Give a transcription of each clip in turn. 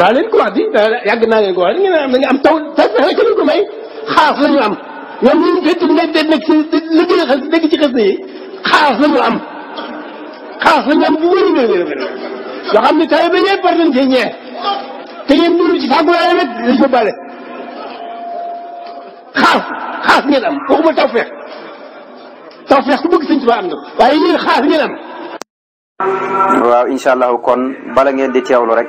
daa leen ko wax di daa yàgg naa leen ko wax di ngeen am da nga am taw tawfeex la ci lañ ko may xaas la ñu am ñoom ñun fekk mu nekk nekk si liggéey xas dégg ci xas yi xaas la ñu am xaas la ñu am bu wér a wér a wér yoo xam ne tawee ba ñëpp war nañ cee ñeex te ngeen dund ci tàggu yaay rek dañ ko bale xaas xaas ngeen am waxuma tawfeex tawfeex ku bëgg sëñ Tuubaa am na waaye yéen xaas ngeen am. waaw incha allah kon bala ngeen di teewlu rek.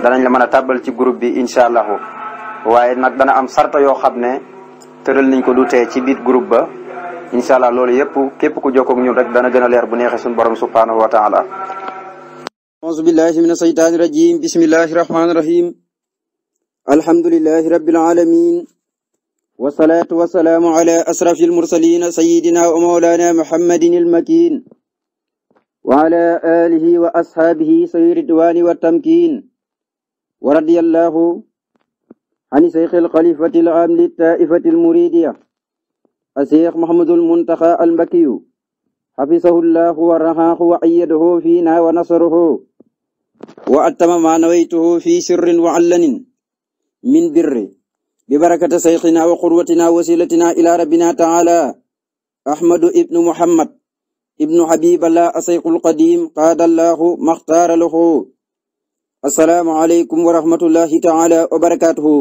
danañ la mën a tàbbal ci groupe bi incha allahu waaye nag dana am sarta yoo xam ne tëral nañ ko du tee ci biir groupe ba incha allah loolu yëpp képp ku jokkoog ñun rek dana gën leer bu neexee suñu borom subhanahu wa taala auzu billahi mina shaytaani rajim bismillahi rahmaani rahim alhamdulillahi rabbil alamin wasalaatu wasalaamu ala asrafi almursalina sayidina wa mawlana muhammadin almakin wa ala wa ashaabihi sayri ridwaani wa tamkin ورضي الله عن شيخ الخليفة العام للطائفة المريدية الشيخ محمد المنتخى المكي حفظه الله ورعاه وأيده فينا ونصره وأتم ما نويته في سر وعلن من بر ببركة شيخنا وقروتنا وسيلتنا إلى ربنا تعالى أحمد ابن محمد ابن حبيب الله الشيخ القديم قاد الله ما اختار له asalaamaaleykum wa rahmatullahi taala wa barakaatuhu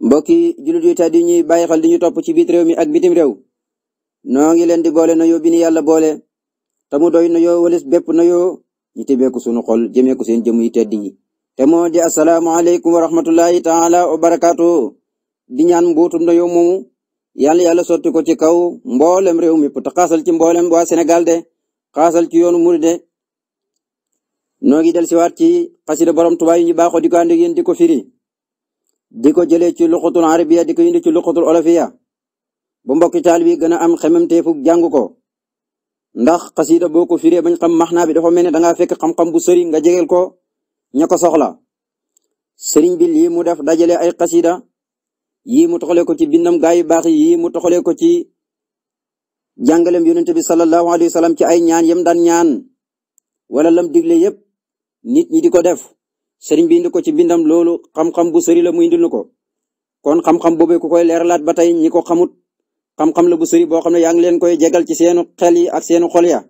mbokki jullit yu tàddi ñuy bàyyi xel di ñu topp ci biir réew mi ak bitim réew noo ngi leen di boole nuyoo bi ni yàlla boole te mu doy nuyoo walis bépp nuyoo ñu tëbee ko sunu xol jëmee ko seen jëmu yu tedd yi te moo di asalaamaaleykum wa rahmatullahi taala wa di ñaan mbuutum nuyoo moomu yàlla yàlla sotti ko ci kaw mboolem réew mi te xaasal ci mboolem waa Sénégal de xaasal ci yoonu murid de noo ngi del siwaat ci xasida borom Tuubaa yi ñu baaxoo di ko ànd di ko firi di ko jëlee ci luxatul arabiya di ko indi ci luxatul olofiya bu mbokki taal bi gën a am xememteefu jàng ko ndax xasida boo ko firee bañ xam maxnaa bi dafa mel ne dangaa fekk xam-xam bu sëri nga jegel ko ña ko soxla sëriñ bi lii mu def dajale ay xasida yii mu toxalee ko ci bindam gaa yu baax yii mu toxalee ko ci jàngalem yonente bi sallallahu alayhi wa sallam ci ay ñaan yam daan ñaan wala lam digle yépp nit ñi di ko def sëriñ bi indi ko ci bindam loolu xam-xam bu sëri la mu indil ko kon xam-xam boobee ku koy leeralaat ba tey ñi ko xamut xam-xam la bu sëri boo xam ne yaa ngi leen koy jegal ci seenu xel yi ak seenu xol ya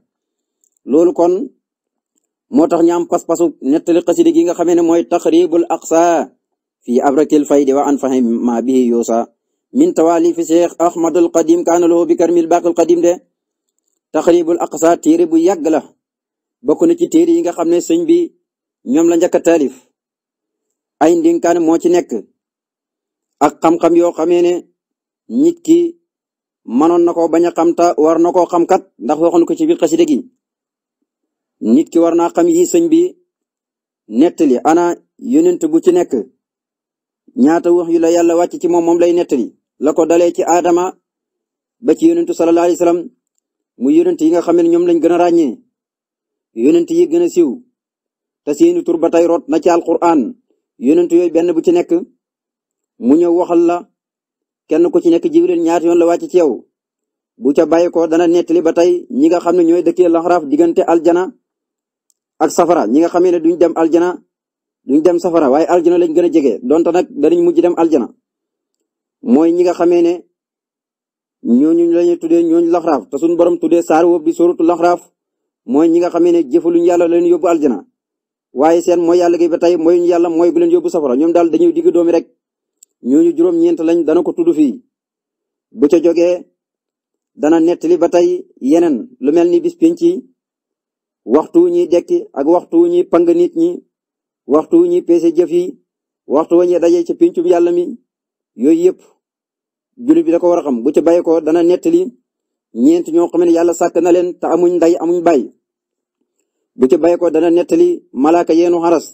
loolu kon moo tax ñu am pas-pasu nettali xasida gi nga xamee ne mooy taxribul aqsa fii abrakil faydi wa anfahi ma bihi yuusa min tawaalifi cheikh ahmadul qadim kaana lahu bi karmil baqil qadim de taxribul aqsa téere bu yàgg la bokk ci téere yi nga xam ne sëñ bi ñoom la njëkk a ay ndinkaan moo ci nekk ak xam-xam yoo xamee ne nit ki mënoon na koo bañ a xam ta war na koo xam kat ndax waxoon ko ci biir xasida nit ki war naa xam yi sëñ bi nettali ana yonent bu ci nekk ñaata wax yu la yàlla wàcc ci moom moom lay nettali la ko dalee ci aadama ba ci yonentu sallallahu alayhi wasallam mu yonent yi nga xam ne ñoom lañ gën a ràññee yonent yi gën a siiw te seeni tur ba tey rot na ci alquran yonent yooyu benn bu ci nekk mu ñëw waxal la kenn ku ci nekk jibril ñaata yoon la wàcc ci yow bu ca bàyyi ko dana nettali ba tey ñi nga xam ne ñooy dëkkee laxaraaf diggante aljana ak safara ñi nga xamee ne duñ dem aljana duñ dem safara waaye aljana lañ gën a jege donte nag danañ mujj dem aljana mooy ñi nga xamee ne ñooñu lañu tuddee ñooñu laxaraaf te suñu borom tuddee saar woob bi sóoratu laxaraaf mooy ñi nga xamee ne jëfaluñ yàlla leen yóbbu aljana waaye seen mooy yàlla gi ba tey mooy ñu yàlla mooy gu leen yóbbu safara ñoom daal dañuy digg doomi rek ñooñu juróom-ñeent lañ dana ko tudd fii bu ca jógee dana nettali ba tey yeneen lu mel ni bis penc waxtu wu ñuy dekki ak waxtu wu ñuy pang nit ñi waxtu wu ñuy peese jëf yi waxtu wu ñuy daje ca pencum yàlla mi yooyu yëpp jullit bi da ko war a xam bu ca bàyyi ko dana nettali ñeent ñoo xam ne yàlla sàkk na leen te amuñ nday amuñ bay bu ci bay ko dana nettali malaaka yenu xaras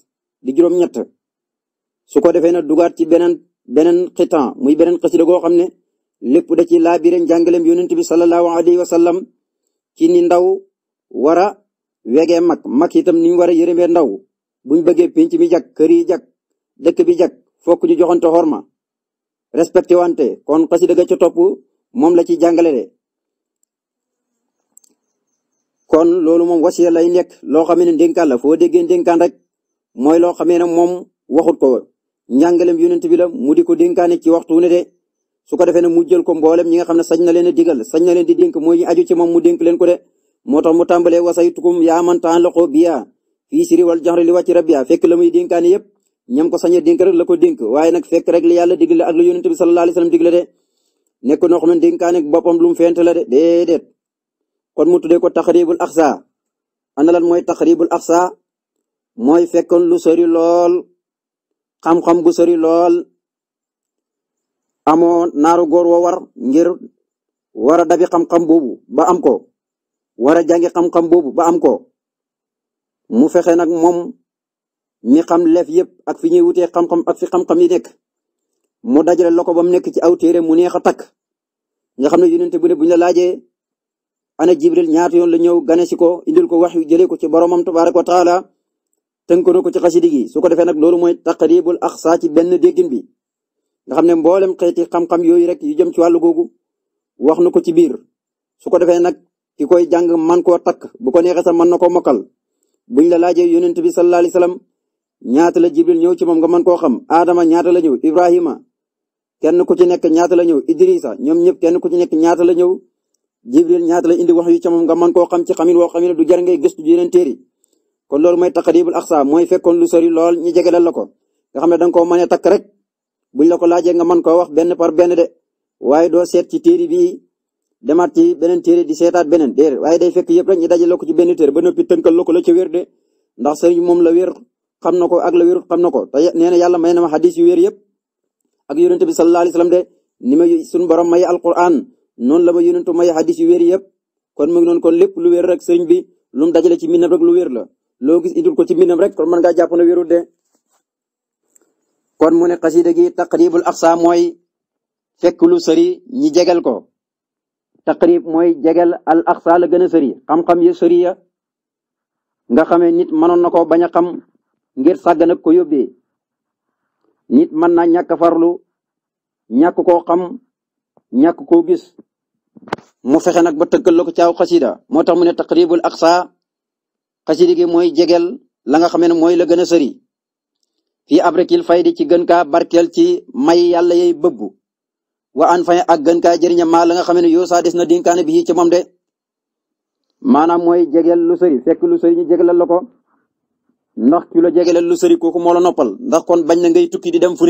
di juróom-ñett su ko defee na dugaat ci beneen beneen xitan muy beneen xasida goo xam ne lépp da ci laabire njàngaleem yonent bi sallallahu alayhi wa sallam ci ni ndaw war a wegee mag mag itam ni ñu war a yërëmee ndaw buñ bëggee pénc mi jag kër yi jag dëkk bi jag fokk ñu joxante xorma respecté wante kon xasida ga ca topp moom la ci jàngale kon loolu moom wasiya lay nekk loo xamee ne ndénkaan la foo déggee ndénkaan rek mooy loo xamee ne moom waxut ko njàngalem yonent bi la mu di ko dénkaane ci waxtu ne de su ko defee ne mu jël ko mboolem ñi nga xam ne sañ na leen a sañ na leen di dénk mooy aju ci moom mu dénk leen ko de moo tax mu tàmbalee wasaytukum yaa man ta'allaqu biya fii sirri wal jahri li wàcci rabbiya fekk la muy dénkaane yépp ñam ko sañ a dénk la ko dénk waaye nag fekk rek li yàlla digle ak lu yonent bi sallallahu alayhi wasallam digle de nekk noo xam ne dénkaane boppam lu mu fent la de déedéet kon mu tuddee ko taxribul axsa ana lan mooy taxribul axsa mooy fekkoon lu sori lool xam-xam bu sori lool amoo naaru góor wo war ngir war a dabi xam-xam boobu ba am ko war a jàngi xam-xam ba am ko mu fexe nag moom mi xam lef yëpp ak fi ñuy wutee xam ak fi xam-xam yi nekk mu dajale loko ba mu nekk ci aw téere mu neex a takk nga xam ne yonente bu ne buñ laajee ana jibril ñaata yoon la ñëw gane si ko indil ko wax yu jëlee ko ci boromam tabaraka wa taala tënk na ko ci xasidi gi su ko defee nag loolu mooy taqribul axsa ci benn déggin bi nga xam ne mboolem xeeti xam-xam yooyu rek yu jëm ci wàllu googu wax na ko ci biir su ko defee nag ki koy jàng man koo takk bu ko neexee sax mën na koo mokkal buñ la laajee yonent bi sallallahu alayhi wasallam ñaata la jibril ñëw ci moom nga man koo xam aadama ñaata la ñëw ibrahima kenn ku ci nekk ñaata la ñëw idrisa ñoom ñëpp kenn ku ci nekk ñaata la ñëw jibril ñaata la indi wax yu ca moom nga mën koo xam ci xamin woo xamin du jar ngay gëstu ji leen téeri kon loolu mooy taqribul aqsa mooy fekkoon lu sori lool ñu jegelal la ko nga xam ne danga koo mën a takk rek buñ la ko laajee nga mën koo wax benn par benn de waaye doo seet ci téeri bi demaat ci beneen téeri di seetaat beneen déer waaye day fekk yëpp rek ñu dajale ko ci benn téer ba noppi tënkal la ko la ca wér de ndax sëriñ moom la wér xam na ko ak la wérut xam na ko te nee na yàlla may na ma xadis yu wér yëpp ak yonente bi sallallahu alayhi wasallam de ni ma suñ borom may noonu la ma yonentu may xadis yu wér yëpp kon mu ngi noonu kon lépp lu wér rek sëriñ bi lu mu dajale ci minam rek lu wér la loo gis indul ko ci minam rek kon mën ngaa jàpp na wérul de kon mu ne xasida gi taqribul aqsa mooy fekk lu sëri ñi jegal ko taqrib mooy jegal al aqsa la gën a sëri xam-xam ya nga xamee nit mënoon na ko bañ a xam ngir sàgg ko yóbbee nit mën naa ñàkk farlu ñàkk ko xam ñàkk koo gis mu fexe nag ba tëggal la ko caaw xasida moo tax mu ne taqribul aqsa xasida gi mooy jegel la nga xamee ne mooy la gën a sëri fii abrakil faydi ci gën kaa barkeel ci may yàlla yey bëbbu wa an fay ak gën kaa jëriña maa la nga xamee ne yoo saa des na dinkaane bi ci moom de maanaam mooy jegel lu sëri fekk lu sëri ñu jegelal la ko ndax ki la jegelal lu sëri kooku moo la noppal ndax kon bañ na ngay tukki di dem fu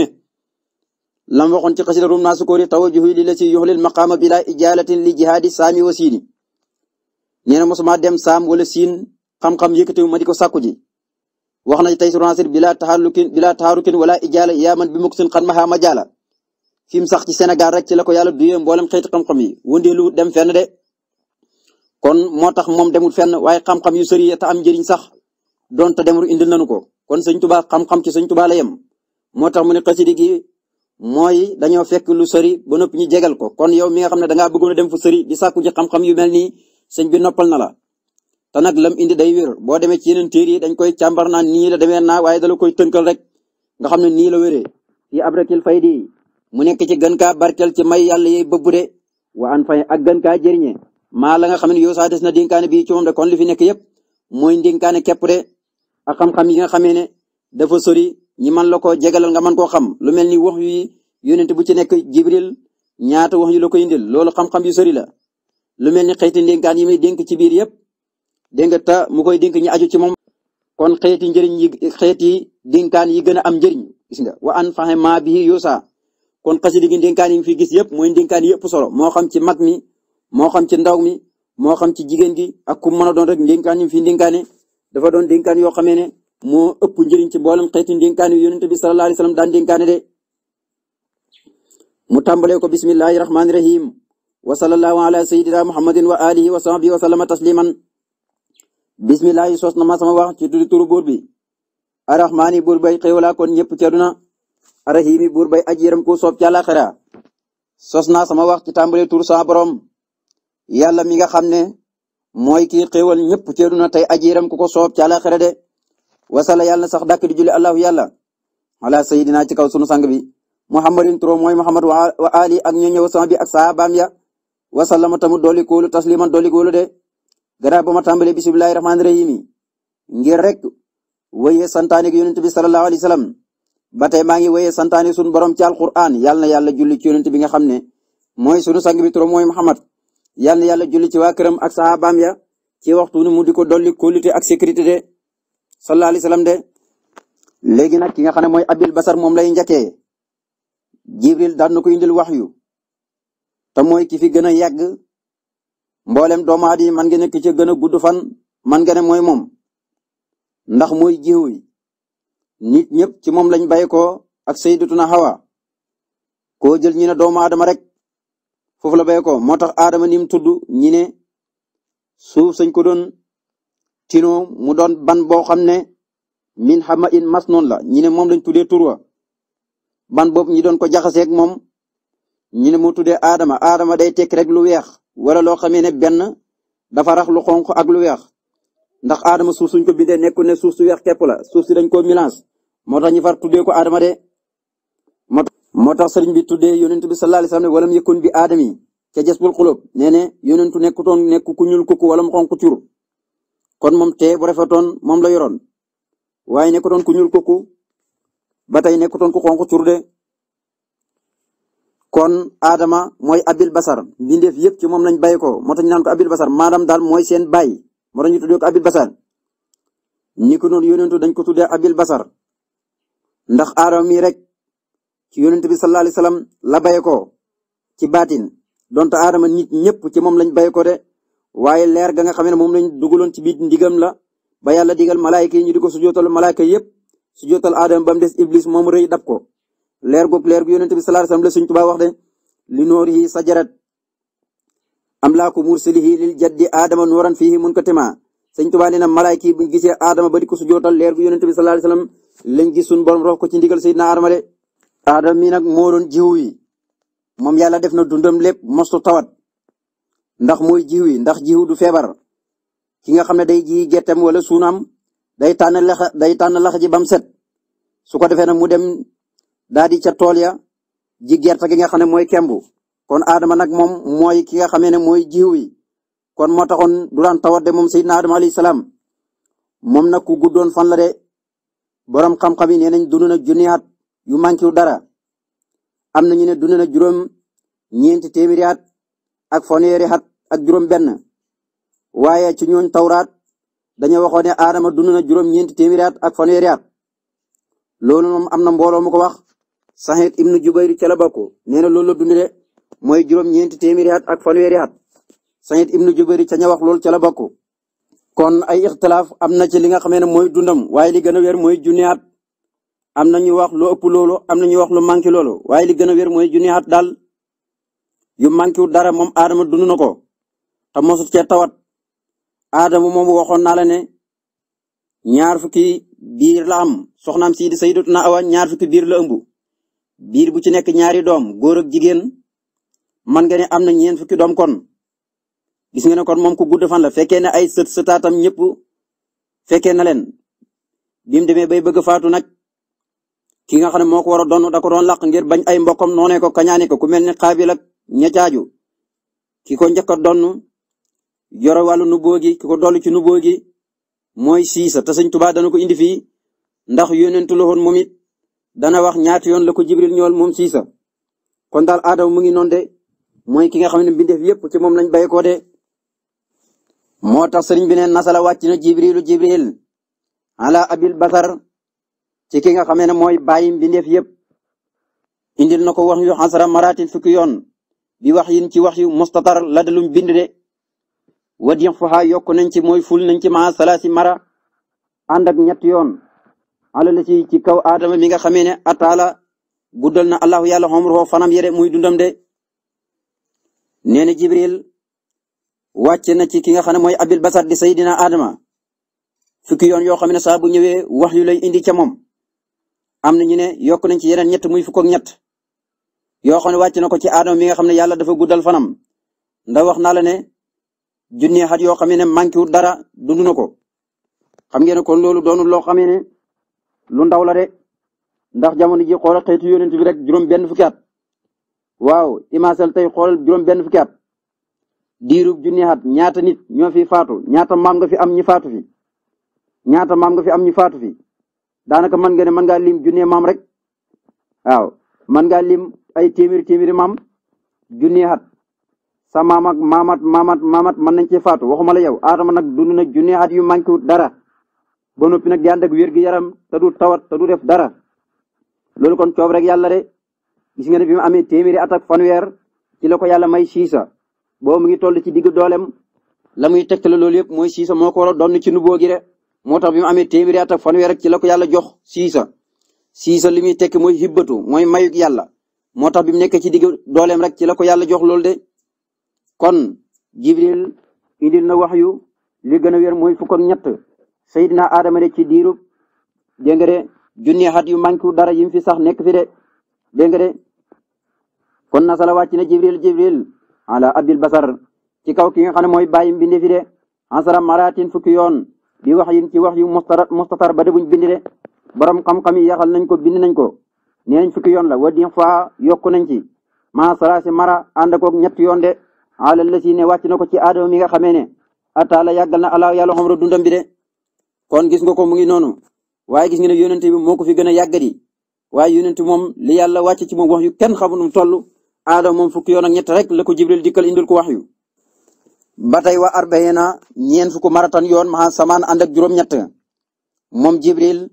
lam waxoon ci xasida rum naa sukoori tawajjuhu li la si yuxlil maqaama bila li jihaadi saami wa siini nee na mosuma dem saam wala siin xam-xam yëkkatiw ma di ko sàkku ji wax na tey suransir bila taxarukin bila taxarukin wala ijaala yaa man bi mukk sin xan maxaama jaala fi mu sax ci senegal rek ci la ko yàlla duyee mboolam xeeti xam-xam yi wëndeelu dem fenn de kon moo tax moom demul fenn waaye xam-xam yu sëri te am njëriñ sax donte demul indil nañu ko kon sëñ Tuubaa xam ci sëñ Tuubaa la yem mooy dañoo fekk lu sori ba noppi ñu jegal ko kon yow mi nga xam ne dangaa bëggoon a dem fu sori di sàkku xam-xam yu mel nii sëñ bi noppal na la te nag lam indi day wér boo demee ci yeneen téere yi dañ koy càmbar naan nii la demee naa waaye dala koy tënkal rek nga xam ne nii la wéree fii abrakil di mu nekk ci gën kaa barkel ci may yàlla yey bëbbu de wa an fay ak gën kaa jëriñe maa la nga xam ne yow saa des na dénkaane bii ci moom de kon li fi nekk yëpp mooy dénkaane képp de ak xam-xam yi nga xamee ne dafa sori ñi man la ko jegalal nga mën koo xam lu mel ni wax yu yónent bu ci nekk jibril ñaata wax yu la ko indil loolu xam-xam yu sori la lu mel ni xeeti ndénkaan yi muy dénk ci biir yëpp dégg nga ta mu koy dénk ñi aju ci moom kon xeeti njëriñ yi xeeti dénkaan yi gën a am njëriñ gis wa an faxe maa bi yosa kon xasida gi dénkaan yi fi gis yëpp mooy ndinkaan yëpp solo moo xam ci mag mi moo xam ci ndaw mi moo xam ci jigéen gi ak ku mën a doon rek dénkaan yi fi dénkaane dafa doon dénkaan yoo xamee ne mu ëpp njëriñ ci mboolem xeetu ndénkaane yi yonent bi sallallahu alayhi wasallam daan dénkaane de mu tàmbalee ko bismillahi rahmaani rahim wa sallallahu ala sayyidina muhammadin wa bismillahi sos ma sama wax turu buur bi arrahmaani buur bay xéewalaa kon ñëpp ci aduna arrahimi bay aji yërëm ku soob ci àllaaxira sama wax ci tàmbalee tur sa borom yàlla mi nga xam ne mooy kii xéewal ñëpp ci aduna tey aji ko soob ci de wasala yàlla sax dàkk di julli allahu yàlla ala sayidina ci kaw sunu sang bi muhammadin turam mooy muhammad wa ali ak ñu ñëw sama bi ak saabaam ya wasallama tamu dooli koolu tasliman dooli koolu de gara ba ma tàmbalee bismillahi rahmaani rahim ngir rek wéyee santaane ak yonent bi sallallahu alayhi wasallam ba tey maa ngi wéyee santaane sunu borom ci alquran yàlla yàlla julli ci yonent bi nga xam ne mooy sunu sang bi mooy muhammad yàlla yàlla julli ci waa këram ak sahabaam ya ci waxtu mu di ko dolli kóolute ak sécurité de sallallahu alayhi wasallam de léegi nag ki nga xam ne mooy abil basar moom lay njake jibril daan na ko indil wax yu te mooy ki fi gën a yàgg mboolem doomu aadama man nga ne ci gën a gudd fan man nga ne mooy moom ndax mooy jiw yi nit ñëpp ci moom lañ bay ko ak sayyidatuna Hawa koo jël ñi ne doomu aadama rek foofu la bay ko moo tax aadama ni mu tudd ñi ne suuf ko doon tino mu doon ban boo xam ne min ma in mas noonu la ñi ne moom lañ tuddee turwa ban boobu ñi doon ko jaxaseeg moom ñi ne mu tuddee aadama aadama day tekki rek lu weex wala loo xamee ne benn dafa rax lu xonq ak lu weex ndax aadama suuf suñ ko bindee nekkul ne suuf su weex képp la suuf si dañ koo milance moo tax ñi far tuddee ko adama de moo tax sëriñ bi tuddee yonentu bi sallallahu alayhi wasallam walam yëkkun bi aadami ca jasbul xulóob nee ne yonentu nekkutoon nekk ku ñuul kukk wala mu xonq cur kon moom tee bu rafetoon moom la yoroon waaye nekkutoon ku ñuul kooku ba tey nekkutoon ku xonq cur de kon Adama mooy abil basar mbindeef yëpp ci moom lañ bàyyi ko moo tax ñu naan ko abil basar maanaam daal mooy seen baay moo tax ñu tuddee ko abil basar ñi ko noonu yonentu dañ ko tuddee abil basar ndax Adama mii rek ci yonent bi sallallahu alayhi wasallam la bàyyi ko ci baatin donte Adama nit ñëpp ci moom lañ bàyyi ko de. waaye leer ga nga xam ne moom lañ dugaloon ci biir ndigam la ba yàlla digal malaayka yi ñu di ko sujootal malaayka yëpp sujootal aadama ba mu des iblis moom rëy dab ko leer goog leer gu yonent bi sallallahu alayhi wasallam la Sëriñ Tuubaa wax de li nuurihi sajarat amlaaku mursalihi lil jaddi aadama nuuran fiihi munkatima Sëriñ Tuubaa nee na malaayka yi buñ gisee aadama ba di ko sujootal leer gu yonent bi sallallahu alayhi wasallam lañ gis suñu borom rox ko ci ndigal Seydina Aadama de aadama mi nag moo doon jiw yi moom yàlla def na dundam lépp mostu tawat ndax mooy jiw yi ndax jiw du feebar ki nga xam ne day ji gerteem wala suunam day tànn lax day tànn lax ji bam set su ko defee nag mu dem daal di ca tool ya ji gerte gi nga xam ne mooy kembu kon Adama nag moom mooy ki nga xamee ne mooy jiw yi kon moo taxoon du daan tawat de moom Seydina Adama alayhi salaam moom nag ku doon fan lade de borom xam-xam yi ne nañ dund na junni at yu manqué wu dara am na ñu ne dund na juróom ñeenti téeméeri at ak fanweeri at ak juróom-benn waaye ci ñooñ tawraat dañoo waxoon ne Adama dund na juróom-ñeenti téeméeri ak fanweeri at loolu moom am na mbooloo mu ko wax Saxiid ibnu Jubayr ca la bokk nee na loolu la dund mooy juróom-ñeenti téeméeri at ak fanweeri at Saxiid ibnu Jubayr ca ña wax loolu ca la bokk. kon ay ixtilaaf am na ci li nga xamee ne mooy dundam waaye li gën a wér mooy junni am na ñu wax lu ëpp loolu am yu manqué wu dara moom Adama dund na ko te mosut ce tawat Adama moom waxoon naa la ne ñaar fukki biir la am soxnaam sii di sayyidatuna Awa ñaar fukki biir la ëmb biir bu ci nekk ñaari doom góor ak jigéen man nga ne am na ñeent fukki doom kon. gis nga ne kon moom ku gudd fan la fekkee ne ay sët sëtaatam ñëpp fekkee na leen bi mu demee bay faatu nag ki nga xam ne moo ko war a da ko doon làq ngir bañ ay mbokkam noonee ko kañaane ko ku mel ni Xaabil ak ña caaju ki ko njëkk a yoro yore wàllu nubboo gi ki ko dolli ci nubboo gi mooy siisa te sëñ Tuubaa ko indi fii ndax yónentu la woon dana wax ñaati yoon la ko jibril ñëwal moom siisa kon daal aadama mu ngi noonu mooy ki nga xam ne mbindeef yépp ci moom lañ bay ko de moo tax sëriñ bi ne nasala wàcc na jibrilu jibril ala abil basar ci ki nga xamee ne mooy bàyyi mbindeef yépp indil na ko wax yu xasara maratin fukki yoon bi wax yin ci wax yu mustatar la dalum bind de wadi faha yokk nañ ci mooy ful nañ ci maa salaasi mara ànd ak ñett yoon ala la ci ci kaw aadama mi nga xamee ne ataala guddal na allahu yàlla xomruxoo fanam yede muy dundam de nee na jibril wàcce ci ki nga xam ne mooy abil basar di sayidina aadama fukki yoon yoo xam ne saa bu ñëwee wax yu lay indi ca moom am na ne yokk nañ ci yeneen ñett muy fukk ak ñett yoo xam ne wàcc na ko ci aadama mi nga xam ne yàlla dafa guddal fanam nda wax naa la ne junni at yoo xam ne manqué wu dara dund ko xam ngeen ne kon loolu doonul loo xam ne lu ndaw la de ndax jamono ji xoolal xeetu yonent bi rek juróom benn fukki at waaw imaasal tey xoolal juróom benn fukki at diirub junni at ñaata nit ñoo fi faatu ñaata maam nga fi am ñi faatu fi ñaata maam nga fi am ñi faatu fi daanaka mën nga ne mën ngaa lim junni maam rek waaw mën ngaa lim ay téeméeri téeméeri maam junni at sa maam ak maamat maamat maamat mën nañ cee faatu waxuma la yow aadama nag dund na junni at yu manqué wut dara ba noppi nag di ànd ak wér gi yaram te tawat te du def dara loolu kon coob rek yàlla rek gis nga ne bi mu amee téeméeri at ak fanweer ci la ko yàlla may siisa boo mu ngi toll ci digg doolem la muy tegtale loolu yëpp mooy siisa moo ko war a ci nuboo gi de moo tax bi mu amee téeméeri rek ci la ko yàlla jox siisa siisa li muy tekki mooy hibbatu mooy mayuk yàlla moo tax bi mu nekk ci digg dooleem rek ci la ko yàlla jox loolu de kon jibril indil na wax yu li gën a wér mooy fukk ak ñett sayidina aadama de ci diirub dégg nga de junni at yu manku dara yim fi sax nekk fi de dégg nga de kon na sala wàcc na jibril jibril ala abil basar ci kaw ki nga xam ne mooy bàyyi mbinde fi de ansara maratin fukki yoon di wax yin ci wax yu mustatar mustatar ba de buñ bindi de borom xam-xam yi yaxal nañ ko bind nañ ko neen fukki yoon la wa din fa yokku nañ ma sarasi mara ànd koog ñetti yoon de alal la si ne wàcc na ko ci aadama mi nga xamee ne ataala yàggal na alaaw yàlla xomra dundam bi de kon gis nga ko mu ngi noonu waaye gis nga ne yonente bi moo ko fi gën a yàggati waaye yonente moom li yàlla wàcc ci moom wax yu kenn xamu nu toll aadama moom fukki yoon ak ñett rek la ko jibril dikkal indil ko wax yu ba tey wa arbaena ñeen fukk maratan yoon ma samaan ànd ak juróom-ñett moom jibril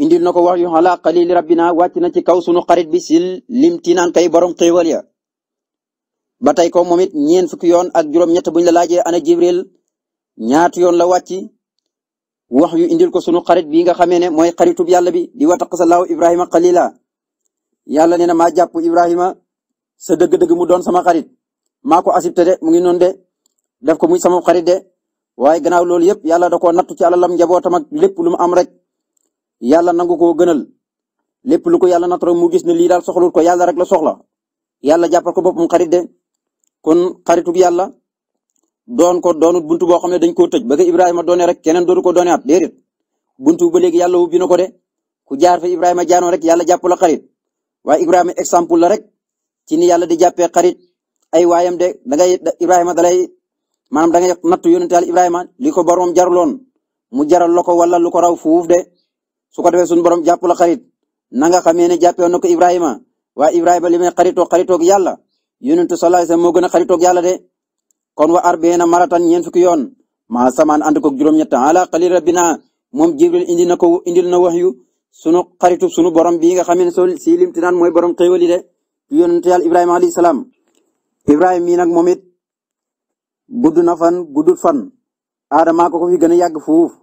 indil na ko wax yu ala qalil na ci kaw sunu karit bi sil limtinaan kay borom xéewal ya ba tey ko moom it ñeen yoon ak juróom-ñett buñ la laajee ana jibril ñaatu yoon la wàcc wax yu indil ko sunu xarit bi nga xamee ne mooy xaritub yàlla bi di wataq salaahu ibrahima xalila yàlla nee na maa jàpp ibrahima sa dëgg-dëgg mu doon sama xarit maa ko accepté de mu ngi noonu de def ko muy sama xarit de waaye gannaaw loolu yëpp yàlla da koo nattu ci alalam njabootam ak lépp lu mu am rek yàlla nangu koo gënal lépp lu ko yàlla nataro mu gis ne lii daal soxlul ko yàlla rek la soxla yàlla jàppal ko boppam xarit de kon xaritu yàlla doon ko doonut buntu boo xam ne dañ koo tëj ba nga Ibrahima doone rek keneen dootu ko doone at déedéet buntu ba léegi yàlla ubbi na ko de ku jaar fa Ibrahima jaanoo rek yàlla jàpp la xarit waaye Ibrahima exemple la rek ci ni yàlla di jàppee xarit ay waayam de dangay Ibrahima dalay maanaam dangay nattu yónneentaal Ibrahima li ko boroom jaruloon mu jaral la ko wala ko raw su ko defee suñu borom jàpp la nanga na nga xamee ne jàppee na ko Ibrahima waaye Ibrahima li may xaritoo xaritoog yàlla yonentu sallallahu alayhi wasallam moo gën a xaritoog yàlla kon wa arbina maratan ñeent fukki yoon maa samaan ànd koog juróom-ñett ala xalil rabbina moom Jibril indi na ko indil na waxyu sunu xaritu sunu borom bii nga xamee ne soo si limti naan mooy borom xéewali de yonentu yàlla Ibrahima alayhi salaam Ibrahima mii nag moom it gudd na fan guddut fan aadama ko ko fi gën a yàgg fuuf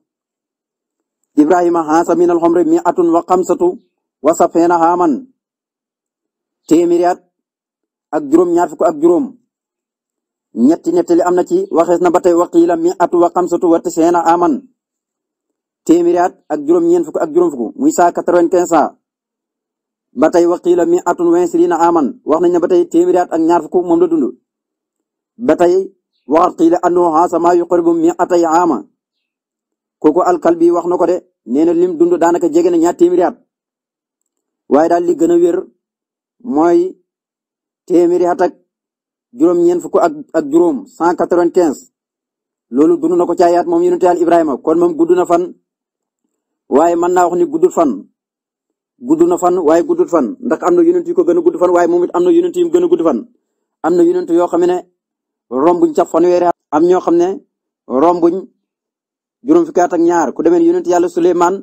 ibrahima xaasa min alxomre mi atun wa xamsatu wa safeena xaaman téeméeri ak juróom ñaar fukk ak juróom ñetti nettali am na ci waxees na ba tey waqiila mi atu wa satu wa tiseena aman téeméeri at ak juróom ñeent fukk ak juróom fukk muy cent quatre-vingt-quinze ba tey waqiila mi atun wa isriina aman wax nañ ne ba tey téeméeri at ak ñaar fukk moom la dund ba tey waxat qiila annahu xaasa maa yuqaribu mi atay ama kooku alkalbi wax na ko de nee na lim dund daanaka jege na ñaar téeméeri at waaye daal li gën a wér mooy téeméeri at ak juróom fukk ak ak juróom cent quatre-vingt-quinze loolu dund na ko ci ay at moom Ibrahima kon moom gudd na fan waaye mën naa wax ni guddul fan gudd na fan waaye guddul fan ndax am na yonent yu ko gën a gudd fan waaye moom it am na yonent yu gën a gudd fan am na yonent yoo xam ne rombuñ ca fanweeri at am ñoo xam ne rombuñ juróom fukki at ak ñaar ku demee yonent yàlla Suleymaan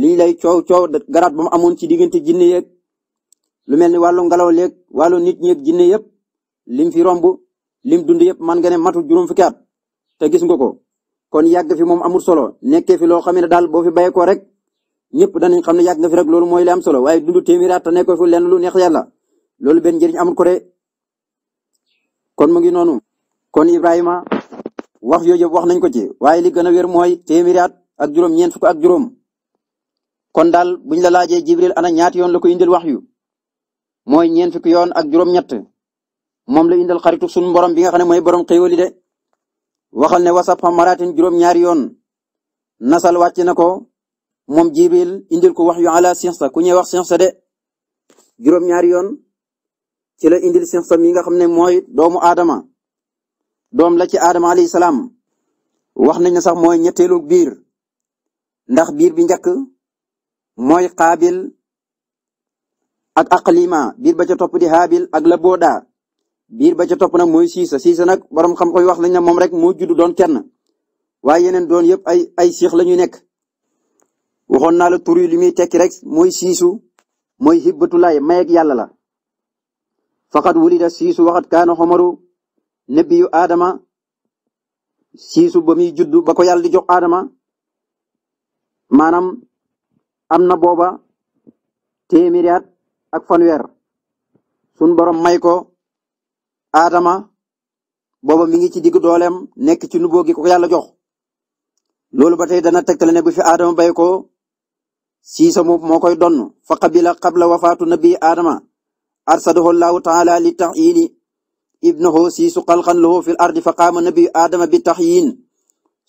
lii lay coow coow garaat ba mu amoon ci diggante jinne yeeg lu mel ni wàllu ngelaw leeg wàllu nit ñeeg jinne yëpp lim fi romb lim dund yëpp man nga ne matul juróom fukki at te gis nga ko kon yàgg fi moom amul solo nekkee fi loo xam ne daal boo fi bayee ko rek ñëpp danañ xam ne yàgg nga fi rek loolu mooy li solo waaye dund téeméeri at te nekkoo fi lenn lu neex yàlla loolu benn njëriñ amul ko de kon mu ngi noonu kon Ibrahima wax yooyu wax nañ ko ci waaye li gën a wér mooy téeméeri ak juróom ñeent fukk ak juróom kon daal buñ la laajee jibril ana ñaati yoon la ko indil wax yu mooy ñeent fukki yoon ak juróom ñett moom la indil xaritu sunu borom bi nga xam ne mooy borom xéewali de waxal ne wasap xamaratin juróom ñaari yoon nasal wàcc na ko moom jibril indil ko wax yu ala sinsa ku ñuy wax sinsa de juróom ñaari yoon ci la indil sinsa mi nga xam ne mooy doomu aadama doom la ci aadama alayhi salaam wax nañ ne sax mooy ñetteelu biir ndax biir bi njëkk mooy xaabil ak aqlima biir ba ca topp di ak la boodaa biir ba ca topp nag mooy siisa siisa nag borom xam koy wax lañ ne moom rek moo judd doon kenn waaye yeneen doon yëpp ay ay siix la ñuy nekk waxoon naa la tur yi li muy tekki rek mooy siisu mooy hibbatulaay mayeg yàlla la faqat wulida siisu waxat kaana xomaru nebiyu Adama siisu ba muy juddu ba ko yàlla di jox Adama maanaam am na booba téeméeri at ak fanweer sun borom may ko Adama booba mi ngi ci digg dooleem nekk ci nuboo gi ko yàlla jox. loolu ba tey dana tegtale ne bu fi Adama bay ko siisa moom moo koy donn fa qabila qabla wafaatu nabi Adama arsadahu llahu taala li taxini ابنه سيس قلقا له في الأرض فقام نبي آدم بالتحيين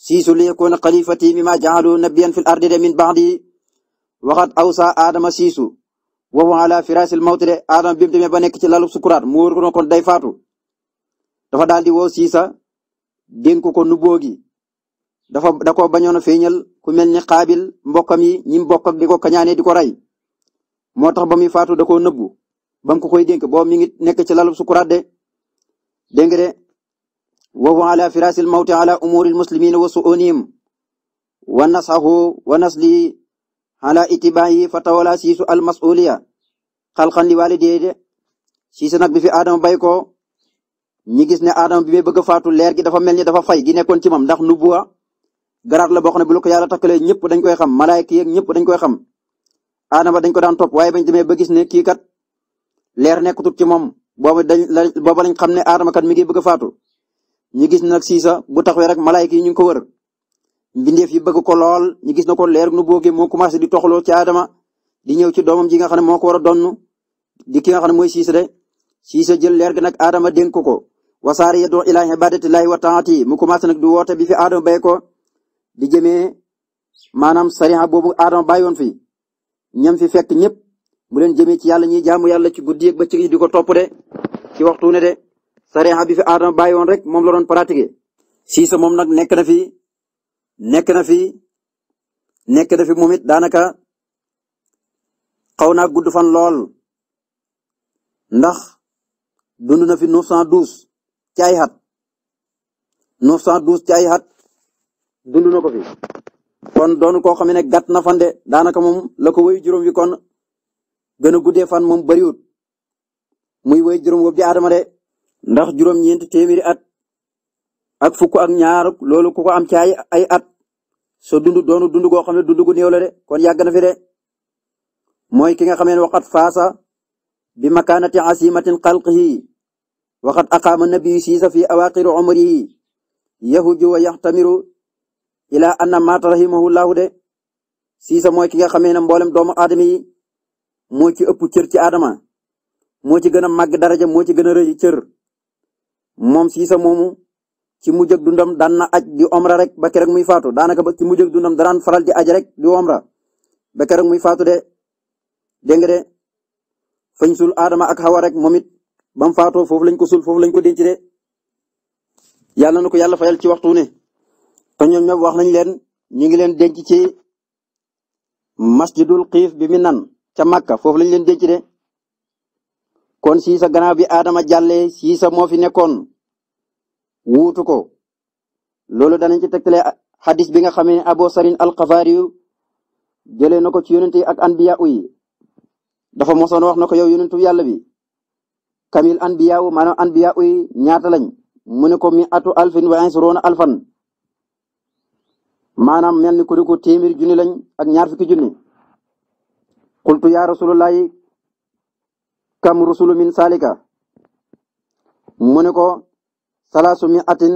سيس ليكون خليفتي مما جعله نبيا في الأرض من بعدي وقد أوصى آدم سيس وهو على فراش الموت آدم بيم demee ba nekk ci lalu sukuraat mu wóor ko ne kon day faatu dafa daal di woo siisa dénk ko nuboo gi dafa da ko bañoon feeñal ku mel ni xaabil mbokkam yi ñi mbokk ak di ko kañaanee di ko rey moo tax ba muy faatu da koo nëbbu ba ko koy dénk boobu mi ngi nekk ci lalu sukuraat dégg nga de wahu ala firasil mawti ala umuri almuslimina wa suunihim wa nasahu wa nasli ala itibayi fatawala siisu almasuliya xalxan li walidee de siisu nag bi fi aadama bay ko ñi gis ne aadama bi may bëgg fatu faatu leer gi dafa mel ni dafa fay gi nekkoon ci moom ndax nubuwa gara la boo xam ne bu la ko yàlla takkalee ñëpp dañ koy xam malaayka yeeg ñëpp dañ koy xam aadama dañ ko daan top waaye bañ demee ba gis ne kii kat leer nekkatul ci moom booba dañ la booba lañ xam ne aadama kat mi ngi bëgg a faatu ñu gis nag siisa bu taxawee rek malaayka yi ñu ngi ko wër mbindeef yi bëgg ko lool ñu gis na ko leer nu boogee moo commencé di toxaloo ci aadama di ñëw ci doomam ji nga xam ne moo ko war a donn di ki nga xam ne mooy siisa de siisa jël leer gi nag aadama dénk ko wasaare yadoo ilaa ibadatillahi wa taati mu commencé nag du woote bi fi aadama bay ko di jëmee maanaam sariya boobu aadama bàyyoon fi ñam fi fekk ñëpp mu leen jëmee ci yàlla ñuy jaamu yàlla ci guddi ak di ko topp ci waxtu ne de sariya bi fi aadama bàyyi woon rek moom la doon pratiquer siisa moom nag nekk na fi nekk na fi nekk na fi moom it daanaka xaw naa gudd fan lool ndax dund na fi 912 ci ay at 912 ci ay dund na ko kon doonu koo xam ne gàtt na fan de daanaka moom la ko wéy juróom wi kon gën a guddee fan moom bariwut muy woy juróom wob di Adama de ndax juróom-ñeenti téeméeri at ak fukk ak ñaar loolu ku am ci ay at so dund doonu dund goo xam ne dund gu néew de kon yàgg na fi de mooy ki nga xamee ne waxat faasa bi makaanati asimatin xalqihi waxat aqaama nabiyu siisa fi awaqiri umrihi yahuju wa yaxtamiru ila anna maata rahimahu llahu de siisa mooy ki nga xamee ne mboolem doomu aadama yi moo ci ëpp cër ci aadama moo ci gën a màgg daraja moo ci gën a rëy cër moom siisa moomu ci mujj ak dundam daan na aj di omra rek ba keroog muy faatu daanaka ba ci mujj dundam daraan faral di aj rek di omra ba keroog muy faatu de dégg nga de fañ suul Adama ak Hawa rek moom it ba mu faatoo foofu lañ ko suul foofu lañ ko denc de yàlla na ko yàlla fayal ci waxtu ne te ñoom ñoom wax nañ leen ñu ngi leen denc ci masjidul xiif bi mi nan ca Makka foofu lañ leen denc de. kon siisa gannaaw bi Adama jàllee siisa moo fi nekkoon wuutu ko loolu danañ ci tegtale xadis bi nga xamee ne Abu Sarin al-Xafaari jëlee na ko ci yonent yi ak anbiya yi dafa mosoon wax na ko yow yonentu yàlla bi kamil anbiya wu maanaam anbiya yi ñaata lañ mu ne ko mi atu alfin wa insuroona alfan maanaam mel ni téeméeri junni lañ ak ñaar fukki junni qultu yaa kam rusulu min salika mu ne ko salaasu mi atin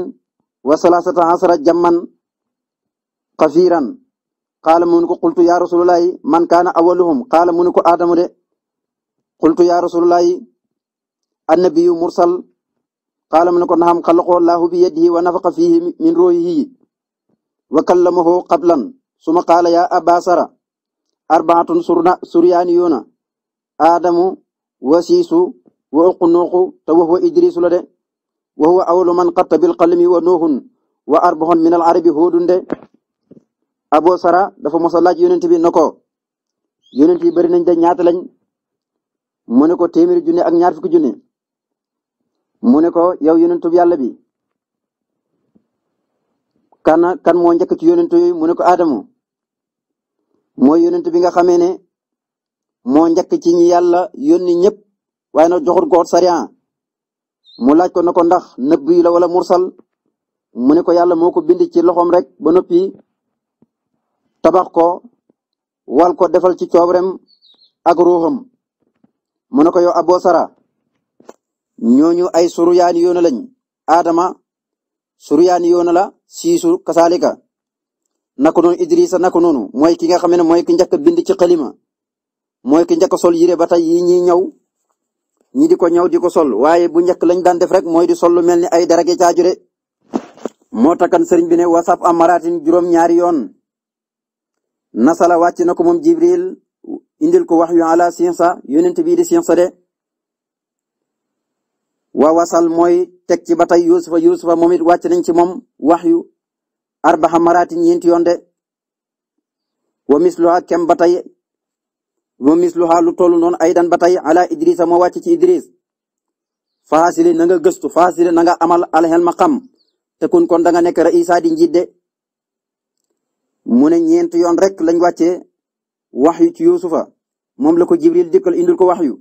wa salaasata asara jamman kafiran qaala mu ne ko qultu ya man kaana awaluhum qaala mu ne ko aadamu de qultu ya rasulullahi annabiyu mursal qaala mu ne ko naxam xalaqoo bi yadihi wa nafaqa fihi min ruuhihi wa kallamahu qablan suma qaala ya abasara arbaatun surna suryaaniyuuna aadamu wa siisu wa uqnuuqu te wa huwa idrisu la de wa huwa awlu man qatta bil qalmi wa nuuhun wa arbaxun min arabi huudun de abo dafa mos a laaj yonent bi na ko yonent yi bëri nañ de ñaata lañ mu ne ko téeméeri junne ak ñaar fukki junne mu ne ko yow yonentub yàlla bi kana kan moo njëkk ci yonent yi mu ne bi nga xamee moo njëkk ci ñi yàlla yónni ñëpp waaye nag joxut ko sariya mu laaj ko ne ko ndax nabi la wala mursal mu ne ko yàlla moo ko bind ci loxoom rek ba noppi tabax ko wal defal ci coobareem ak ruuxam mu ne ko yow Aboo Sara ñooñu ay suryaani yoona lañ Adama suryaani yoona la siisu kasaalika naka noonu Idrissa naka noonu mooy ki nga xam ne mooy ki njëkk bind ci xalima mooy ki njëkk a sol yére ba tey yii ñuy ñëw ñi di ko ñëw di ko sol waaye bu njëkk lañ daan def rek mooy di sol lu mel ni ay dara gi caaju de moo takan sëriñ bi ne wasaf amaratin juróom ñaari yoon nasala wàcc na ko moom jibril indil ko wax yu ala sinsa yonent bii di sinsa de wa wasal mooy tek ci ba tey yusufa yusufa moom it wàcc nañ ci moom wax yu arbaxa maratin ñeenti yoon de wa misluha kem ba tey moom misluha lu toll noonu ay dan ba tey ala idrisa moo wàcc ci idris faasili na nga gëstu faasili na nga amal alxel ma xam te kun kon da nga nekk raisa di njiit de ñeent yoon rek lañ wàccee wax yu ci yusufa moom la ko jibril dikkal indil ko wax yu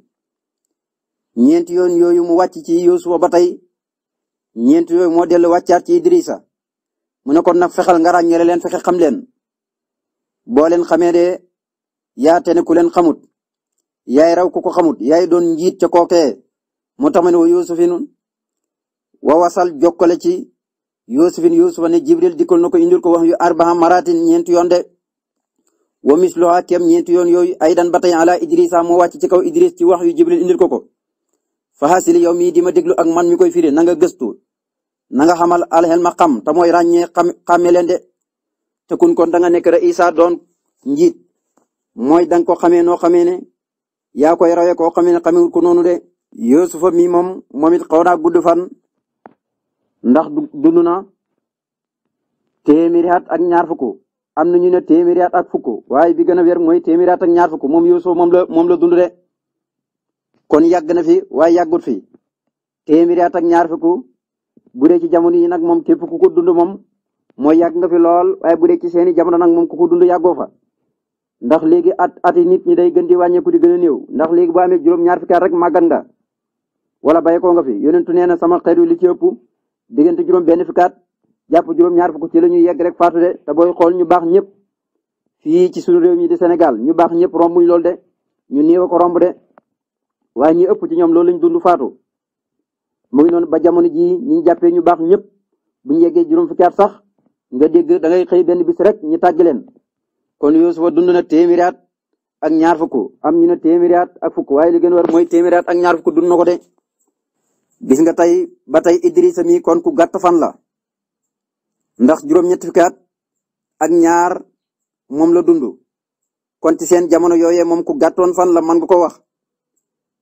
ñeent yoon yooyu mu wàcc ci yusufa ba tey ñeent yooyu moo dellu wàccaat ci idrisa mu ne kon nag fexel nga ràññeele leen fexe xam leen boo leen xamee de yaa te ne ku leen xamut yaay raw ku ko xamut yaay doon njiit ca kookee moo tax ma ne wa yusufinu wa wasal jokkale ci yusufin yusufa ne jibril dikkal na ko indil ko wax yu arbaa maratin ñeenti yoon de wa misluha kem ñeenti yoon yooyu aydan ba tey ala idrisa moo wàcc ci kaw idris ci wax yu jibril indil ko ko fa xasili yow mii di ma déglu ak man mi koy firi nanga nga nanga xamal alxel ma xam te mooy ràññee xame leen de te kun kon da nga nekk isa doon njiit mooy danga ko xamee noo xamee ne yaa koy rawee koo xamee ne xamewul ko noonu de Yuusufa mi moom moom it xaw naa gudd fan ndax dund na téeméeri ak ñaar fukk am na ñu ne téeméeri ak fukk waaye bi gën a wér mooy téeméeri ak ñaar fukk moom Yuusufa moom la moom la dund de kon yàgg na fi waaye yàggut fi téeméeri ak ñaar fukk bu dee ci jamono yi nag moom képp ku ko dund moom mooy yàgg nga fi lool waaye bu dee ci seeni jamono nag moom ku ko dund yàggoo ndax léegi at ati nit ñi day gën di wàññeeku di gën néew ndax léegi boo amee juróom-ñaar fukki rek màggat nga wala bay ko nga fi yonentu nee na sama xeet wi li ci ëpp diggante juróom benn fukki at juróom-ñaar fukk la ñuy yegg rek faatu te booy xool ñu baax ñëpp fii ci suñu réew mi di Sénégal ñu baax ñëpp rombuñ loolu de ñu néew ko romb de waaye ñi ëpp ci ñoom loolu lañ dund faatu mu ngi noonu ba jamono jii ñi ñu jàppee ñu baax ñëpp bu ñu yeggee juróom fukki sax nga dégg da ngay xëy benn bis rek ñu tàgg leen kon Yuusufa dund na téeméeri ak ñaar fukk am ñu ne ak fukk waaye li gën war mooy téeméeri ak ñaar fukk dund na ko de. gis nga tey ba tey Idrissa mi kon ku gàtt fan la ndax juróom-ñetti ak ñaar moom la dund kon ci seen jamono yooyee moom ku gàttoon fan la man ko wax.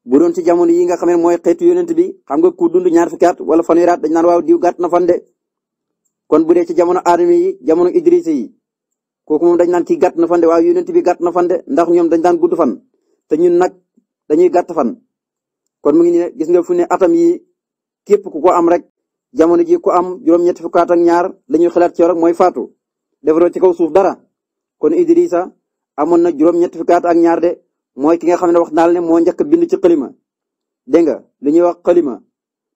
bu doon ci jamono yi nga xam ne mooy xeetu yonent bi xam nga ku dund ñaar fukki wala fanweeri at dañ naan waaw diw gàtt na fan de kon bu dee ci jamono aadama yi jamono Idrissa kooku moom dañ naan kii gàtt na fan de waaye yonent bi gàtt na fan de ndax ñoom dañ daan gudd fan te ñun nag dañuy gàtt fan kon mu ngi ne gis nga fu ne atam yi képp ku ko am rek jamono ji ko am juróom-ñetti fukkaat ak ñaar la ñuy xalaat ci rek mooy faatu defaroo ci kaw suuf dara kon Idrissa amoon na juróom-ñetti fukkaat ak ñaar de mooy ki nga xam ne wax naal ne moo njëkk bind ci xalima dégg nga li ñuy wax xalima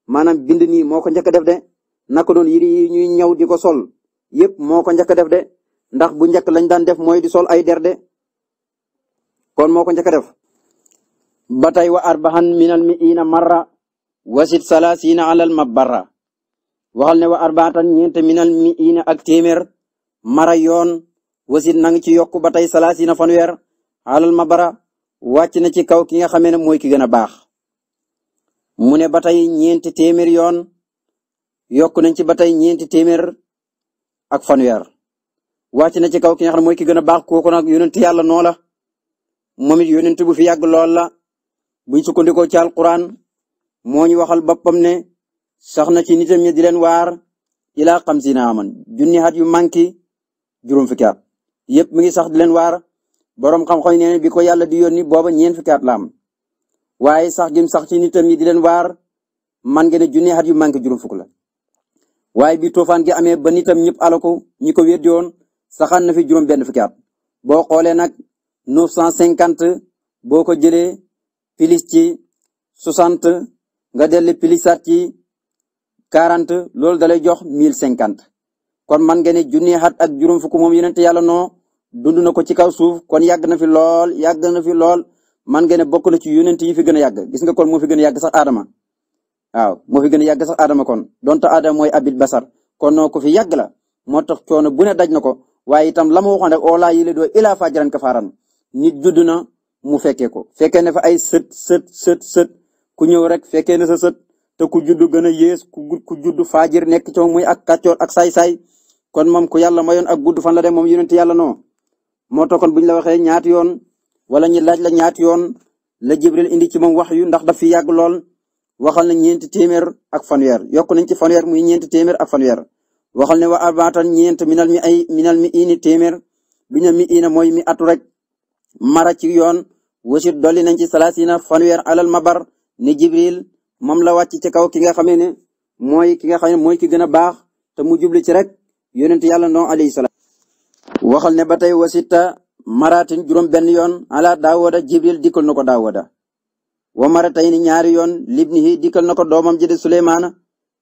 maanaam bind nii moo ko njëkk def de naka noonu yiri yi ñuy ñëw di ko sol yëpp moo ko njëkk def de ndax bu njëkk lañ daan def mooy di sol ay derde kon moo ko njëkk a def ba tey wa arbahan minal mi ina marra wasit salaasina alal mabbarra waxal ne wa arbaatan ñeente minal mi ina ak téeméer mara yoon wasit nang ci yokk ba tey salaasina fanweer alal mabbarra wàcc na ci kaw ki nga xamee ne mooy ki gën a baax mu ne tey ñeenti yoon yokk nañ ci ba tey ñeenti téeméer ak fanweer wàcc na ci kaw ki nga xam ne mooy ki gën a baax kooku nag yonent yàlla noo la moom it yonent bu fi yàgg lool la buñ sukkandikoo ci alquran moo ñu waxal boppam ne sax na ci nitam ñi di leen waar ilaa xamsiina aman junni at yu manki juróom fukki at yëpp mi ngi sax di leen waar borom xam-xam yi ne bi ko yàlla di yónni booba ñeen fukki la am waaye sax gi sax ci nitam ñi di leen waar man ngeen ne junni yu manki juróom fukk la bi toofaan gi amee ba nitam ñëpp alaku ñi ko weddi woon saxaan na fi juróom benn fukki at boo xoolee nag 950 boo ko jëlee pilis ci 60 nga delli pilisaat ci 40 loolu dalay jox cinquante kon man nga ne junni at ak juróom fukk moom yonent yàlla noo dund na ko ci kaw suuf kon yàgg na fi lool yàgg na fi lool man nga ne bokk na ci yonent yi fi gën a yàgg gis nga kon moo fi gën a yàgg sax Adama waaw moo fi gën a yàgg sax Adama kon donte Adama mooy abil basar kon noo ko fi yàgg la moo tax coono bu ne daj na ko waaye itam la ma waxoon rek oolaa yi la doo ilaa fajaran kafaaran nit judd na mu fekkee ko fekkee ne fa ay sët sët sët ku ñëw rek fekkee na sa sët te ku juddu gën a yées ku judd faajir nekk ci muy ak kàccoor ak saay-saay kon moom ku yàlla mayoon ak gudd fan la dem moom yonent yàlla noo moo tax kon bu la waxee ñaati yoon wala ñu laaj la ñaati yoon la jibril indi ci moom wax yu ndax daf fi yàgg lool waxal na ñeenti téeméer ak fanweer yokk nañ ci fanweer muy ñeenti téeméer ak fanweer waxal ne wa arbaatan ñeent minal mi ay mi ini téeméer bi ñu mi ina mooy mi atu rek mara ci yoon wasit dolli nañ ci salaasina fanweer alal mabar ni jibril moom la wàcc ci kaw ki nga xamee ne mooy ki nga xam ne mooy ki gën a baax te mu jubli ci rek yonent yàlla ndon alayhi salaam waxal ne ba tey wasitta maratin juróom benn yoon ala daawooda jibril dikkal na ko daawooda wa maratayni ñaari yoon libnihi dikkal na ko doomam ji de suleymaana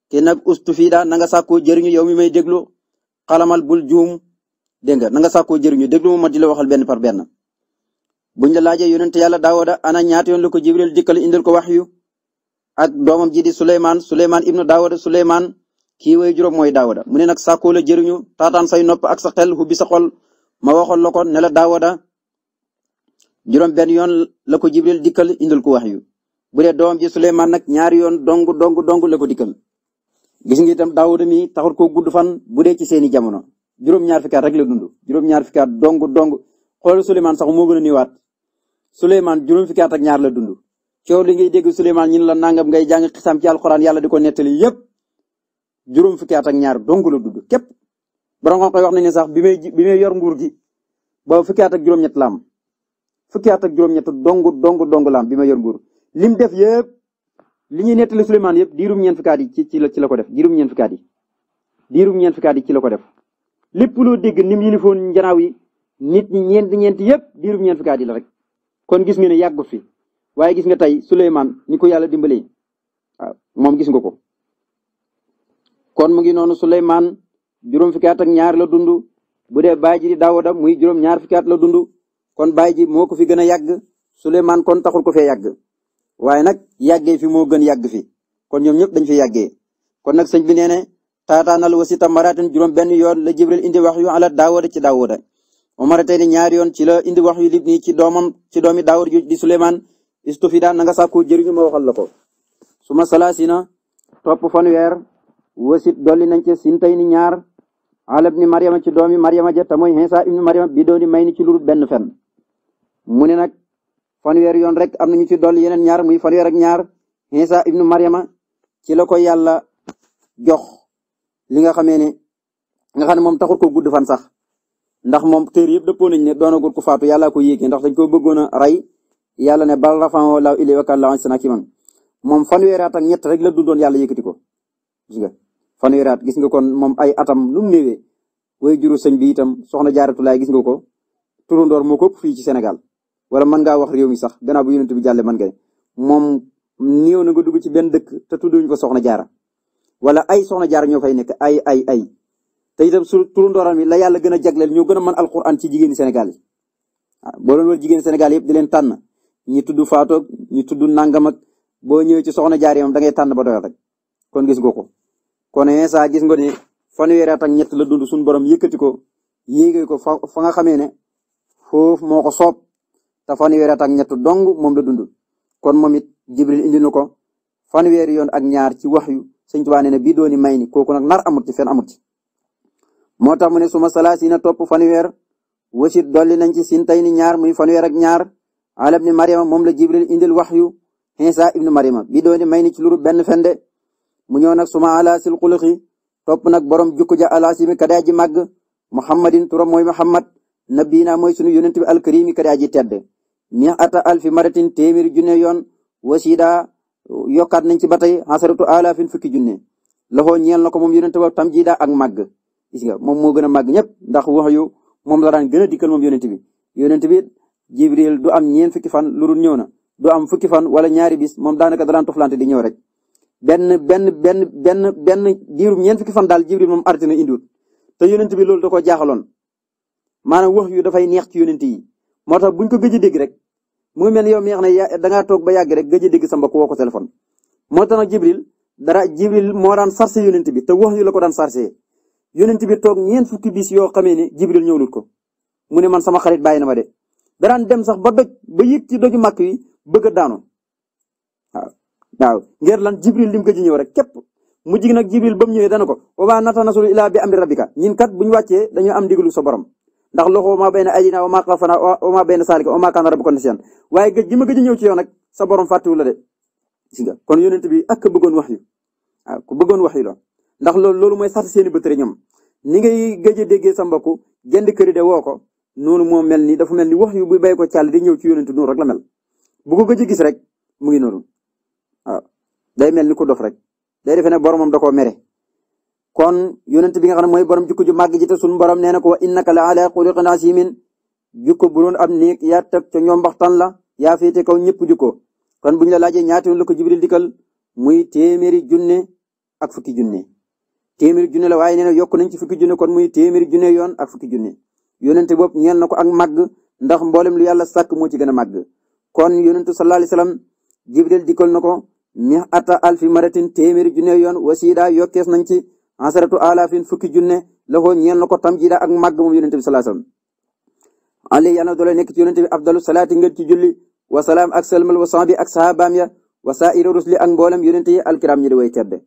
te nag ustufiida na nga sàkkoo jëriñu yow mi may déglu xalamal bul juum dégg nga na nga sàkkoo jëriñu déglu ma ma di la waxal benn par benn. buñ la laajee yonent yàlla daawuda ana ñaata yoon la ko jibril dikkal indil ko wax yu ak doomam ji di suleymaan suleymaan ibnu daawuda suleymaan kii way juróom mooy daawuda mu ne nag sàkkoo la jëriñu taataan say nopp ak sa xel hubbi sa xol ma waxoon la ko ne la daawuda juróom benn yoon la ko jibril dikkal indil ko wax yu bu dee doomam ji suleymaan nag ñaari yoon dong dong dong la ko dikkal gis nga itam Daawuda mi taxut koo gudd fan bu dee ci seeni jamono juróom-ñaar fukki at rek la dund juróom-ñaar fukki at dong dong xool Souleymane sax moo gën a niwaat Souleymane juróom fukki a ak ñaar la dund coow li ngay dégg Souleymane ñin la nangam ngay jàng xisam ci alxuraan yàlla di ko nettali yépp juróom fukki at ak ñaar dong la dund képp borom xam koy wax nañ ne sax bi may bi may yor nguur gi ba fukki at ak juróom-ñett la am fukki at ak juróom-ñett dong dong dong lam bi may yor nguur li ñuy nettali Souleymane yëpp diirum ñeent fukkaat yi ci ci la ci la ko def diirum ñeent fukkaat yi diirum ñeent yi ci la ko def lépp loo dégg nim yilifoon njanaaw yi nit ñi ñeent ñeent yëpp diirum ñeent fukkaat yi la rek kon gis nga ni yàggut fi waaye gis nga tey Souleymane ni ko yàlla dimbalee waaw moom gis nga ko kon mu ngi noonu Souleymane juróom fukki at ak ñaar la dund bu dee baay ji di Daawuda muy juróom ñaar fukki at la dund kon baay ji moo ko fi gën a yàgg Souleymane kon taxul ko fe yàgg waaye nag yàggee fi moo gën yàgg fi kon ñoom ñëpp dañ fi yàggee kon nag sëñ bi nee ne taataanal wasita maratin juróom benn yoon la jibril indi wax yu ala daawuda ci daawuda omara tey ni ñaari yoon ci la indi wax yu libni ci doomam ci doomi daawud ju di suleymaan istufida na nga sàkku a ma waxal la ko su ma salaasina topp fanweer wasit dolli nañ ci sintay ni ñaar ala ibni maryama ci doomi maryama ja te mooy Iisaa ibni maryama bi dooni may ni ci lurut benn fen fanweer yoon rek am na ñu ci yeneen ñaar muy fanweer ak ñaar Isa ibnu Maryama ci la ko yàlla jox li nga xamee ne nga xam moom taxul ko gudd fan sax ndax moom téere yëpp dëppoo nañ ne doonagul ko faatu yàlla ko yéegee ndax dañ ko bëggoon a rey yàlla ne bal rafa'ahu Allaahu ilayhi wa ka Allaahu azizan hakiiman moom fanweeri at ak ñett rek la dundoon yàlla yëkkati ko gis nga fanweeri at gis nga kon moom ay atam lu mu néewee sëñ bi itam soxna Jaaratulaay gis nga ko turandoor moo ko fii ci Sénégal wala man ngaa wax réew mi sax gannaaw bu yonent bi jàlle mën ga moom néew na nga dugg ci benn dëkk te tudduñ fa soxna jaara wala ay soxna jaara ñoo fay nekk ay ay ay tey itam su turu ndooram yi la yàlla gën a jagleel ñoo gën a mën alquran ci jigéeni Sénégal yi ah, boo doon wër jigéeni Sénégal yëpp di leen tànn ñi tudd faatoog ñi tudd nangam mag boo ñëwee ci soxna jaara moom da ngay tànn ba doyal rek kon gis nga ko kon Insa gis nga ne fanweeri at ñett la dund suñu borom yëkkati ko yéegee ko fa ne te fanweeri at ak ñett dong moom la dund kon moom it jibril indi na ko fanweeri yoon ak ñaar ci wax yu sëñ Tuubaa nee na bii dooni may ni kooku nag nar amut ci fenn amut ci moo tax mu ne suma salaasina topp fanweer wasit dolli nañ ci sintayni ñaar muy fanweer ak ñaar ala ibni Mariama moom la jibril indil wax yu Iisaa ibni Mariama bii dooni may ni ci luru benn fende mu ñëw nag suma alaasil xuluxi topp nag borom jukku ja alaasimi kadaa ji màgg muhammadin turam mooy muhammad nabiina mooy sunu yonent bi alkarimi kadaa ji tedd mi'ata alfi maratin téeméeri junne yoon wa wasida yokkaat nañ ci ba tey xasaratu alaafin fukki junne loxo ñeel na ko moom yonente ba tam jiida ak màgg gis nga moom moo gën a màgg ñëpp ndax wax yu moom la daan gën a dikkal moom yonente bi yonente bi jibril du am ñeen fukki fan lu dul ñëw na du am fukki fan wala ñaari bis moom daanaka da daan toflante di ñëw rek benn benn benn benn benn diirum ñeen fukki fan daal jibril moom arrêté na indiwut te yonente bi loolu da ko jaaxaloon maanaam wax yu dafay neex ci yonente yi moo tax buñ ko gëj a dégg rek mu mel yow mi nga xam ne toog ba yàgg rek gëj a dégg sa mbokk woo ko moo tax na Jibril dara Jibril moo daan sarse yonent bi te wax yu la ko daan sarse yonent bi toog ñeent fukki bis yoo xamee ne Jibril ñëwulut ko mu ne man sama xarit bàyyi na ma de daraan dem sax ba doj ba yëg ci doju màkk yi bëgg a daanu waaw waaw ngir lan Jibril lim gëj ñëw rek képp. mu jig nag jibril ba mu ñëwee dana ko wa maa natanazzalu illaa bi amri rabbika ñin kat bu ñu wàccee dañoo am ndigalu sa borom ndax loxo maa bayna aydinaa wa maa xalfanaa wa maa bayna saalika wa maa kaana rabbuka nasiyan waaye gëj gi ma gëj ñëw ci yow nag sa borom fàttuwu la de gis nga kon yonent bi ak bëggoon wax yu waaw ku bëggoon wax yu la ndax loolu loolu mooy sax seeni bëtëri ñoom ni ngay gëj a déggee sa mbokk këri de woo ko noonu moo mel ni dafa mel ni wax yu bu bay ko càll di ñëw ci yonent noonu rek la mel bu ko gëj gis rek mu ngi noonu day mel ni ku dof rek day defe ne boromam da koo mere kon yonent bi nga xam ne mooy borom jikko ju màgg ji te sunu borom nee na ko wa innaka la ala xuluqin azimin jikko bu doon am néeg yaa teg ca ñoom la yaa féete kaw ñëpp jikko kon buñ la laajee ñaata yoon la ko jibril dikkal muy téeméeri junne ak fukki junne téeméeri junne la waaye nee na yokk nañ ci fukki junne kon muy téeméeri junne yoon ak fukki junne yonent bopp ñeel na ko ak màgg ndax mboolem lu yàlla sàkk moo ci gën a màgg kon yonentu sallallahu alayhi wasallam jibril dikkal na ko mi ata alfi maratin téeméeri junne yoon wasiida yokkees nañ ci asaratu alaafin fukki junne loxo ñeen na ko tam jiida ak màgg moom yonente bi salaa sallam ali yàlla nekk ci yonente bi afdalu salaati ngeen ci julli wa salaam ak salmal wa sahbi ak sahabaam ya wa saa'ira rusli ak mboolem yonente yi alkiram ñi way tedde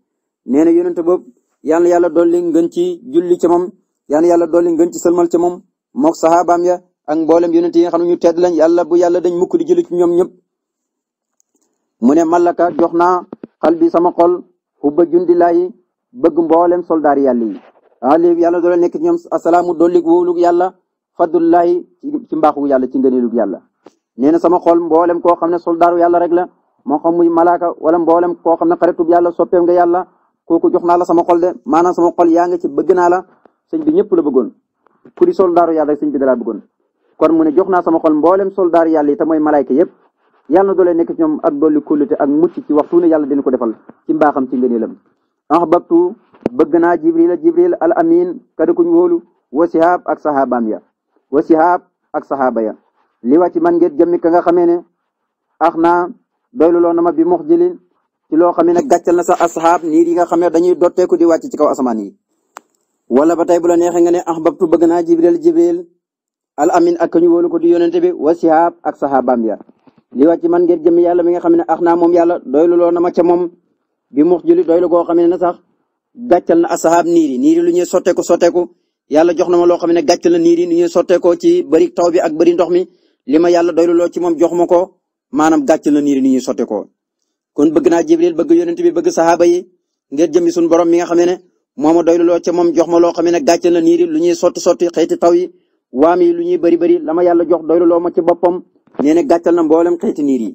nee na yonente boobu yal na yàlla dolli ngeen ci julli ci moom yana na yàlla dolli ngeen ci salmal ca moom mook sahabaam ya ak mboolem yonente yi nga xam ne ñu tedd lañ yàlla bu yàlla dañ mukk di julli ci ñoom ñëpp ne mallaka jox naa xal sama xol xubba jundi bëgg mboolem soldaar yàlla yi ali yàlla doole nekk ci ñoom asalaamu dollig wóolug yàlla faddullahi ci mbaaxu yàlla ci ngëneelug yàlla nee na sama xol mboolem koo xam ne soldaaru yàlla rek la moo xam muy malaaka wala mboolem koo xam ne xaritub yàlla soppeem nga yàlla kooku jox naa la sama xol de maanaam sama xol yaa nga ci bëgg naa la sëñ bi ñëpp la bëggoon ku di soldaaru yàlla rek bi dalaa bëggoon kon mu ne jox naa sama xol mboolem soldaaru yàlla yi te mooy malaayka yëpp yàlla na doole nekk ak dolli kóllite ak mucc ci waxtu ne yàlla dina ko defal ci mbaaxam ci ngëneelam ahbabtu bëgg naa jibril jibril al amin kada kuñ wóolu wa sihaab ak sahabaam ya wa sihaab ak sahaba ya li wàcc man ngeen jëmmi ka nga xamee ne ax naa doylu loo na ma bi mux jilin ci loo xamee ne gàccal na sax asxaab niir yi nga xamee dañuy dotteeku di wàcc ci kaw asamaan yi wala ba tey bu la neexee nga ne ahbabtu bëgg naa jibril jibril al amin ak ka ñu ko di yonente bi wa sihaab ak sahabaam ya li wàcc man ngeen jëmmi yàlla mi nga xam ne ax naa moom yàlla doylu na ma ca moom bi mux juli doy la goo xam ne sax gàccal na asahaab niiri niiri lu ñuy sotteeku sotteeku yàlla jox na ma loo xam ne gàccal na niiri lu ñuy sotteekoo ci bëri taw bi ak bëri ndox mi li ma yàlla doylu ci moom jox ma ko maanaam gàccal na niiri lu ñuy sotteekoo kon bëgg naa jibril bëgg yonent bi bëgg sahaaba yi ngir jëmi suñu borom mi nga xam ne moo ma doylu loo ca moom jox ma loo xam ne gàccal na niiri lu ñuy sotti sotti xeeti taw yi waam yi lu ñuy bëri bëri la ma yàlla jox doylu ma ci boppam nee na gàccal na mboolem xeeti niir yi